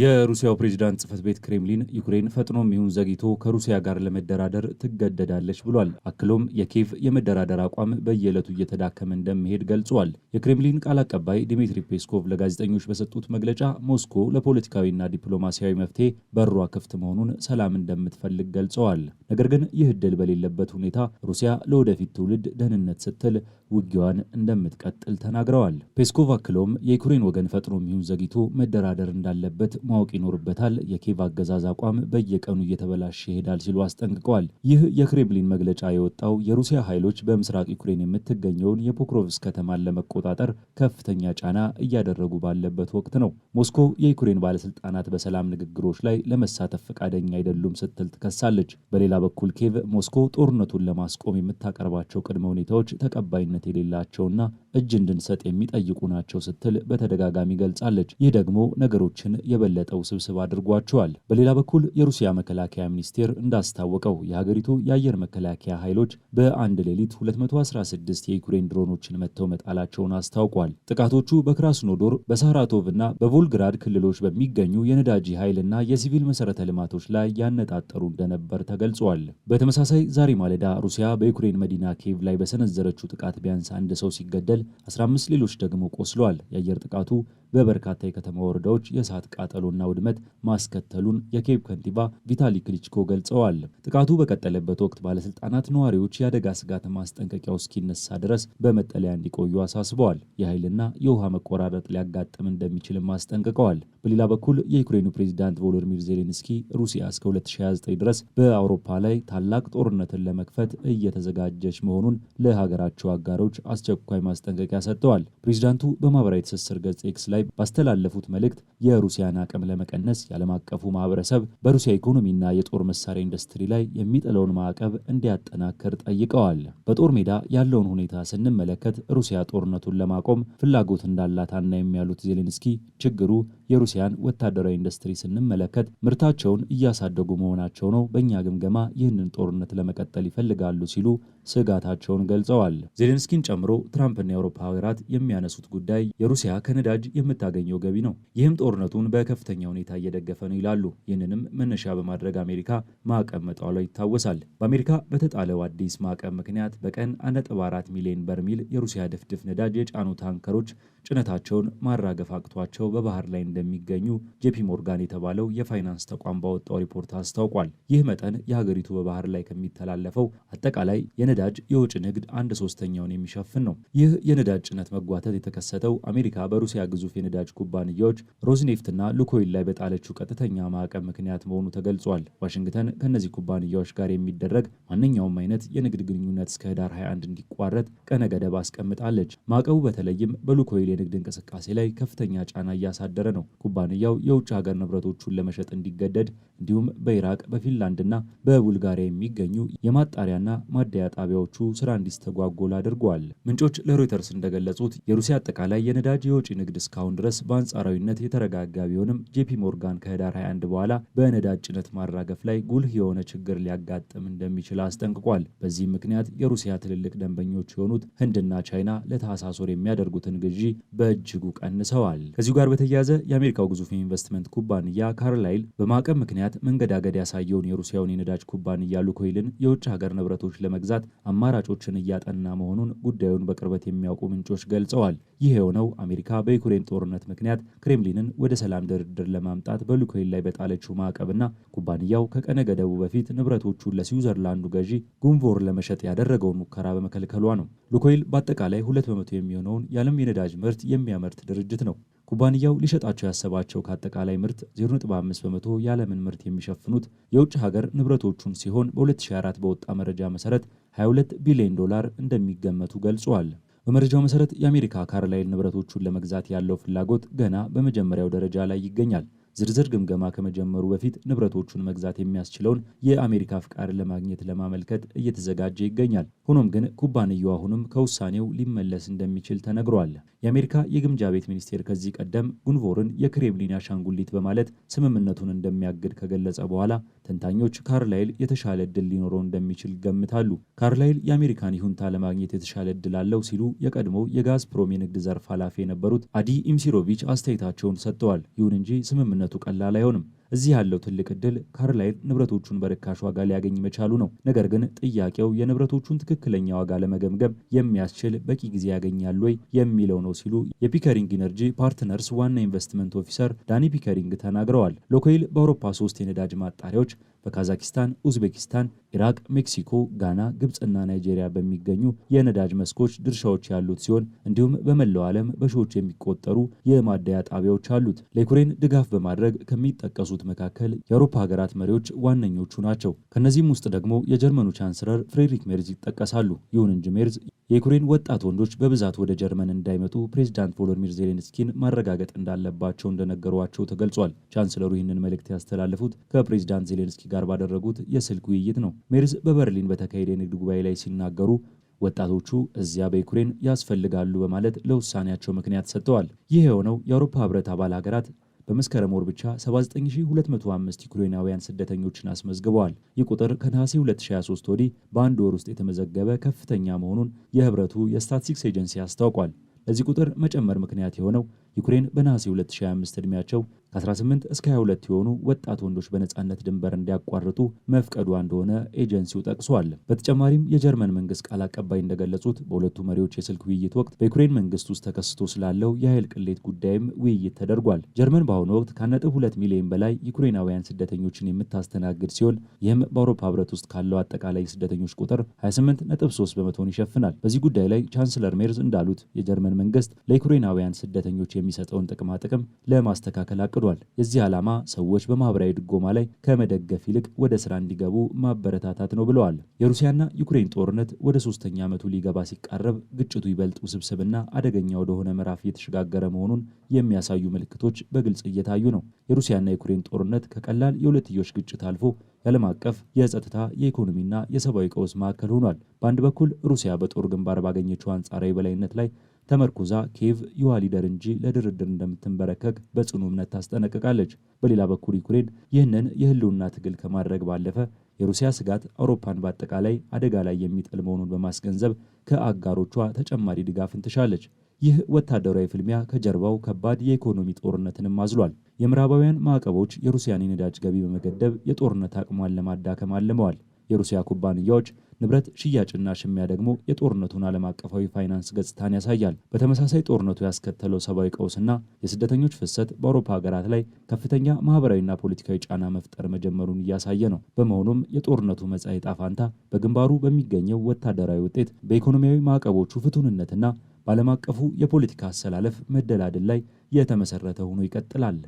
የሩሲያው ፕሬዚዳንት ጽህፈት ቤት ክሬምሊን ዩክሬን ፈጥኖም ይሁን ዘግይቶ ከሩሲያ ጋር ለመደራደር ትገደዳለች ብሏል። አክሎም የኪየቭ የመደራደር አቋም በየዕለቱ እየተዳከመ እንደሚሄድ ገልጿል። የክሬምሊን ቃል አቀባይ ዲሚትሪ ፔስኮቭ ለጋዜጠኞች በሰጡት መግለጫ ሞስኮ ለፖለቲካዊና ዲፕሎማሲያዊ መፍትሄ በሯ ክፍት መሆኑን ሰላም እንደምትፈልግ ገልጸዋል። ነገር ግን ይህ እድል በሌለበት ሁኔታ ሩሲያ ለወደፊት ትውልድ ደህንነት ስትል ውጊያዋን እንደምትቀጥል ተናግረዋል። ፔስኮቭ አክሎም የዩክሬን ወገን ፈጥኖም ይሁን ዘግይቶ መደራደር እንዳለበት ማወቅ ይኖርበታል። የኬቭ አገዛዝ አቋም በየቀኑ እየተበላሸ ይሄዳል ሲሉ አስጠንቅቀዋል። ይህ የክሬምሊን መግለጫ የወጣው የሩሲያ ኃይሎች በምስራቅ ዩክሬን የምትገኘውን የፖክሮቭስ ከተማን ለመቆጣጠር ከፍተኛ ጫና እያደረጉ ባለበት ወቅት ነው። ሞስኮ የዩክሬን ባለስልጣናት በሰላም ንግግሮች ላይ ለመሳተፍ ፈቃደኛ አይደሉም ስትል ትከሳለች። በሌላ በኩል ኬቭ ሞስኮ ጦርነቱን ለማስቆም የምታቀርባቸው ቅድመ ሁኔታዎች ተቀባይነት የሌላቸውና እጅ እንድንሰጥ የሚጠይቁ ናቸው ስትል በተደጋጋሚ ገልጻለች። ይህ ደግሞ ነገሮችን የበለ የበለጠ ውስብስብ አድርጓቸዋል። በሌላ በኩል የሩሲያ መከላከያ ሚኒስቴር እንዳስታወቀው የሀገሪቱ የአየር መከላከያ ኃይሎች በአንድ ሌሊት 216 የዩክሬን ድሮኖችን መጥተው መጣላቸውን አስታውቋል። ጥቃቶቹ በክራስኖዶር በሳራቶቭ እና በቮልግራድ ክልሎች በሚገኙ የነዳጅ ኃይልና የሲቪል መሠረተ ልማቶች ላይ ያነጣጠሩ እንደነበር ተገልጿል። በተመሳሳይ ዛሬ ማለዳ ሩሲያ በዩክሬን መዲና ኬቭ ላይ በሰነዘረችው ጥቃት ቢያንስ አንድ ሰው ሲገደል 15 ሌሎች ደግሞ ቆስሏል። የአየር ጥቃቱ በበርካታ የከተማ ወረዳዎች የእሳት ቃጠሎና ውድመት ማስከተሉን የኬፕ ከንቲባ ቪታሊ ክሊችኮ ገልጸዋል። ጥቃቱ በቀጠለበት ወቅት ባለስልጣናት ነዋሪዎች የአደጋ ስጋት ማስጠንቀቂያው እስኪነሳ ድረስ በመጠለያ እንዲቆዩ አሳስበዋል። የኃይልና የውሃ መቆራረጥ ሊያጋጥም እንደሚችልም አስጠንቅቀዋል። በሌላ በኩል የዩክሬኑ ፕሬዚዳንት ቮሎዲሚር ዜሌንስኪ ሩሲያ እስከ 2029 ድረስ በአውሮፓ ላይ ታላቅ ጦርነትን ለመክፈት እየተዘጋጀች መሆኑን ለሀገራቸው አጋሮች አስቸኳይ ማስጠንቀቂያ ሰጥተዋል። ፕሬዚዳንቱ በማህበራዊ ትስስር ገጽ ኤክስ ላይ ላይ ባስተላለፉት መልእክት የሩሲያን አቅም ለመቀነስ የዓለም አቀፉ ማህበረሰብ በሩሲያ ኢኮኖሚና የጦር መሳሪያ ኢንዱስትሪ ላይ የሚጥለውን ማዕቀብ እንዲያጠናክር ጠይቀዋል። በጦር ሜዳ ያለውን ሁኔታ ስንመለከት ሩሲያ ጦርነቱን ለማቆም ፍላጎት እንዳላት አናይም ያሉት ዜሌንስኪ ችግሩ የሩሲያን ወታደራዊ ኢንዱስትሪ ስንመለከት ምርታቸውን እያሳደጉ መሆናቸው ነው። በእኛ ግምገማ ይህንን ጦርነት ለመቀጠል ይፈልጋሉ ሲሉ ስጋታቸውን ገልጸዋል። ዜሌንስኪን ጨምሮ ትራምፕና የአውሮፓ ሀገራት የሚያነሱት ጉዳይ የሩሲያ ከነዳጅ የምታገኘው ገቢ ነው። ይህም ጦርነቱን በከፍተኛ ሁኔታ እየደገፈ ነው ይላሉ። ይህንንም መነሻ በማድረግ አሜሪካ ማዕቀብ መጣሏ ይታወሳል። በአሜሪካ በተጣለው አዲስ ማዕቀብ ምክንያት በቀን 1.4 ሚሊዮን በርሚል የሩሲያ ድፍድፍ ነዳጅ የጫኑ ታንከሮች ጭነታቸውን ማራገፍ አቅቷቸው በባህር ላይ እንደሚገኙ ጄፒ ሞርጋን የተባለው የፋይናንስ ተቋም ባወጣው ሪፖርት አስታውቋል። ይህ መጠን የሀገሪቱ በባህር ላይ ከሚተላለፈው አጠቃላይ የነዳጅ የውጭ ንግድ አንድ ሶስተኛውን የሚሸፍን ነው። ይህ የነዳጅ ጭነት መጓተት የተከሰተው አሜሪካ በሩሲያ ግዙፍ የነዳጅ ኩባንያዎች ሮዝኔፍትና ሉኮይል ላይ በጣለችው ቀጥተኛ ማዕቀብ ምክንያት መሆኑ ተገልጿል። ዋሽንግተን ከእነዚህ ኩባንያዎች ጋር የሚደረግ ማንኛውም አይነት የንግድ ግንኙነት እስከ ህዳር 21 እንዲቋረጥ ቀነ ገደብ አስቀምጣለች። ማዕቀቡ በተለይም በሉኮይል የንግድ እንቅስቃሴ ላይ ከፍተኛ ጫና እያሳደረ ነው። ኩባንያው የውጭ ሀገር ንብረቶቹን ለመሸጥ እንዲገደድ እንዲሁም በኢራቅ በፊንላንድና በቡልጋሪያ የሚገኙ የማጣሪያና ማደያ ጣቢያዎቹ ስራ እንዲስተጓጎል አድርጓል። ምንጮች ለሮይተርስ እንደገለጹት የሩሲያ አጠቃላይ የነዳጅ የወጪ ንግድ እስካሁን ድረስ በአንጻራዊነት የተረጋጋ ቢሆንም ጄፒ ሞርጋን ከህዳር 21 በኋላ በነዳጅ ጭነት ማራገፍ ላይ ጉልህ የሆነ ችግር ሊያጋጥም እንደሚችል አስጠንቅቋል። በዚህ ምክንያት የሩሲያ ትልልቅ ደንበኞች የሆኑት ህንድና ቻይና ለታህሳስ ወር የሚያደርጉትን ግዢ በእጅጉ ቀንሰዋል። ከዚሁ ጋር በተያያዘ የአሜሪካው ግዙፍ የኢንቨስትመንት ኩባንያ ካርላይል በማዕቀብ ምክንያት መንገዳገድ ያሳየውን የሩሲያውን የነዳጅ ኩባንያ ሉኮይልን የውጭ ሀገር ንብረቶች ለመግዛት አማራጮችን እያጠና መሆኑን ጉዳዩን በቅርበት የሚያውቁ ምንጮች ገልጸዋል። ይህ የሆነው አሜሪካ በዩክሬን ጦርነት ምክንያት ክሬምሊንን ወደ ሰላም ድርድር ለማምጣት በሉኮይል ላይ በጣለችው ማዕቀብና ኩባንያው ከቀነ ገደቡ በፊት ንብረቶቹን ለስዊዘርላንዱ ገዢ ጉንቮር ለመሸጥ ያደረገውን ሙከራ በመከልከሏ ነው። ሉኮይል በአጠቃላይ ሁለት በመቶ የሚሆነውን የዓለም የነዳጅ ምርት የሚያመርት ድርጅት ነው። ኩባንያው ሊሸጣቸው ያሰባቸው ከአጠቃላይ ምርት 0.5 በመቶ የዓለምን ምርት የሚሸፍኑት የውጭ ሀገር ንብረቶቹን ሲሆን በ2004 በወጣ መረጃ መሰረት 22 ቢሊዮን ዶላር እንደሚገመቱ ገልጿል። በመረጃው መሰረት የአሜሪካ ካርላይል ንብረቶቹን ለመግዛት ያለው ፍላጎት ገና በመጀመሪያው ደረጃ ላይ ይገኛል። ዝርዝር ግምገማ ከመጀመሩ በፊት ንብረቶቹን መግዛት የሚያስችለውን የአሜሪካ ፍቃድ ለማግኘት ለማመልከት እየተዘጋጀ ይገኛል። ሆኖም ግን ኩባንያው አሁንም ከውሳኔው ሊመለስ እንደሚችል ተነግሯል። የአሜሪካ የግምጃ ቤት ሚኒስቴር ከዚህ ቀደም ጉንቮርን የክሬምሊን አሻንጉሊት በማለት ስምምነቱን እንደሚያግድ ከገለጸ በኋላ ተንታኞች ካርላይል የተሻለ እድል ሊኖረው እንደሚችል ገምታሉ። ካርላይል የአሜሪካን ይሁንታ ለማግኘት የተሻለ እድል አለው ሲሉ የቀድሞው ፕሮም የንግድ ዘርፍ ኃላፊ የነበሩት አዲ ኢምሲሮቪች አስተያየታቸውን ሰጥተዋል። ይሁን እንጂ ስምምነቱ ቀላል አይሆንም። እዚህ ያለው ትልቅ ዕድል ካርላይል ንብረቶቹን በርካሽ ዋጋ ሊያገኝ መቻሉ ነው። ነገር ግን ጥያቄው የንብረቶቹን ትክክለኛ ዋጋ ለመገምገም የሚያስችል በቂ ጊዜ ያገኛል ወይ የሚለው ነው ሲሉ የፒከሪንግ ኢነርጂ ፓርትነርስ ዋና ኢንቨስትመንት ኦፊሰር ዳኒ ፒከሪንግ ተናግረዋል። ሎኮይል በአውሮፓ ሶስት የነዳጅ ማጣሪያዎች በካዛኪስታን፣ ኡዝቤኪስታን፣ ኢራቅ፣ ሜክሲኮ፣ ጋና፣ ግብፅና ናይጄሪያ በሚገኙ የነዳጅ መስኮች ድርሻዎች ያሉት ሲሆን እንዲሁም በመላው ዓለም በሺዎች የሚቆጠሩ የማደያ ጣቢያዎች አሉት። ለዩክሬን ድጋፍ በማድረግ ከሚጠቀሱት መካከል የአውሮፓ ሀገራት መሪዎች ዋነኞቹ ናቸው። ከእነዚህም ውስጥ ደግሞ የጀርመኑ ቻንስለር ፍሬድሪክ ሜርዝ ይጠቀሳሉ። ይሁን እንጂ ሜርዝ የዩክሬን ወጣት ወንዶች በብዛት ወደ ጀርመን እንዳይመጡ ፕሬዚዳንት ቮሎዲሚር ዜሌንስኪን ማረጋገጥ እንዳለባቸው እንደነገሯቸው ተገልጿል። ቻንስለሩ ይህንን መልእክት ያስተላለፉት ከፕሬዚዳንት ዜሌንስኪ ጋር ባደረጉት የስልክ ውይይት ነው። ሜርዝ በበርሊን በተካሄደ የንግድ ጉባኤ ላይ ሲናገሩ ወጣቶቹ እዚያ በዩክሬን ያስፈልጋሉ በማለት ለውሳኔያቸው ምክንያት ሰጥተዋል። ይህ የሆነው የአውሮፓ ህብረት አባል ሀገራት በመስከረም ወር ብቻ 79205 ዩክሬናውያን ስደተኞችን አስመዝግበዋል። ይህ ቁጥር ከነሐሴ 2023 ወዲህ በአንድ ወር ውስጥ የተመዘገበ ከፍተኛ መሆኑን የህብረቱ የስታትስቲክስ ኤጀንሲ አስታውቋል። ለዚህ ቁጥር መጨመር ምክንያት የሆነው ዩክሬን በነሐሴ 2025 ዕድሜያቸው ከ18 እስከ 22 የሆኑ ወጣት ወንዶች በነጻነት ድንበር እንዲያቋርጡ መፍቀዷ እንደሆነ ኤጀንሲው ጠቅሷል። በተጨማሪም የጀርመን መንግስት ቃል አቀባይ እንደገለጹት በሁለቱ መሪዎች የስልክ ውይይት ወቅት በዩክሬን መንግስት ውስጥ ተከስቶ ስላለው የኃይል ቅሌት ጉዳይም ውይይት ተደርጓል። ጀርመን በአሁኑ ወቅት ከ 2 ሚሊዮን በላይ ዩክሬናውያን ስደተኞችን የምታስተናግድ ሲሆን ይህም በአውሮፓ ህብረት ውስጥ ካለው አጠቃላይ ስደተኞች ቁጥር 28.3 በመቶን ይሸፍናል። በዚህ ጉዳይ ላይ ቻንስለር ሜርዝ እንዳሉት የጀርመን መንግስት ለዩክሬናውያን ስደተኞች የሚሰጠውን ጥቅም ለማስተካከል አቅዷል። የዚህ ዓላማ ሰዎች በማህበራዊ ድጎማ ላይ ከመደገፍ ይልቅ ወደ ስራ እንዲገቡ ማበረታታት ነው ብለዋል። የሩሲያና ዩክሬን ጦርነት ወደ ሶስተኛ ዓመቱ ሊገባ ሲቃረብ ግጭቱ ይበልጥ ውስብስብና አደገኛ ወደሆነ ምዕራፍ እየተሸጋገረ መሆኑን የሚያሳዩ ምልክቶች በግልጽ እየታዩ ነው። የሩሲያና ዩክሬን ጦርነት ከቀላል የሁለትዮሽ ግጭት አልፎ የዓለም አቀፍ የጸጥታ የኢኮኖሚና የሰብአዊ ቀውስ ማዕከል ሆኗል። በአንድ በኩል ሩሲያ በጦር ግንባር ባገኘችው አንጻራዊ በላይነት ላይ ተመርኩዛ ኬቭ የውሃ ሊደር እንጂ ለድርድር እንደምትንበረከክ በጽኑ እምነት ታስጠነቅቃለች። በሌላ በኩል ዩክሬን ይህንን የህልውና ትግል ከማድረግ ባለፈ የሩሲያ ስጋት አውሮፓን በአጠቃላይ አደጋ ላይ የሚጥል መሆኑን በማስገንዘብ ከአጋሮቿ ተጨማሪ ድጋፍን ትሻለች። ይህ ወታደራዊ ፍልሚያ ከጀርባው ከባድ የኢኮኖሚ ጦርነትንም አዝሏል። የምዕራባውያን ማዕቀቦች የሩሲያን የነዳጅ ገቢ በመገደብ የጦርነት አቅሟን ለማዳከም አልመዋል። የሩሲያ ኩባንያዎች ንብረት ሽያጭና ሽሚያ ደግሞ የጦርነቱን ዓለም አቀፋዊ ፋይናንስ ገጽታን ያሳያል። በተመሳሳይ ጦርነቱ ያስከተለው ሰብአዊ ቀውስና የስደተኞች ፍሰት በአውሮፓ ሀገራት ላይ ከፍተኛ ማህበራዊና ፖለቲካዊ ጫና መፍጠር መጀመሩን እያሳየ ነው። በመሆኑም የጦርነቱ መጻኢ ዕጣ ፈንታ በግንባሩ በሚገኘው ወታደራዊ ውጤት በኢኮኖሚያዊ ማዕቀቦቹ ፍቱንነትና በዓለም አቀፉ የፖለቲካ አሰላለፍ መደላድል ላይ የተመሰረተ ሆኖ ይቀጥላል።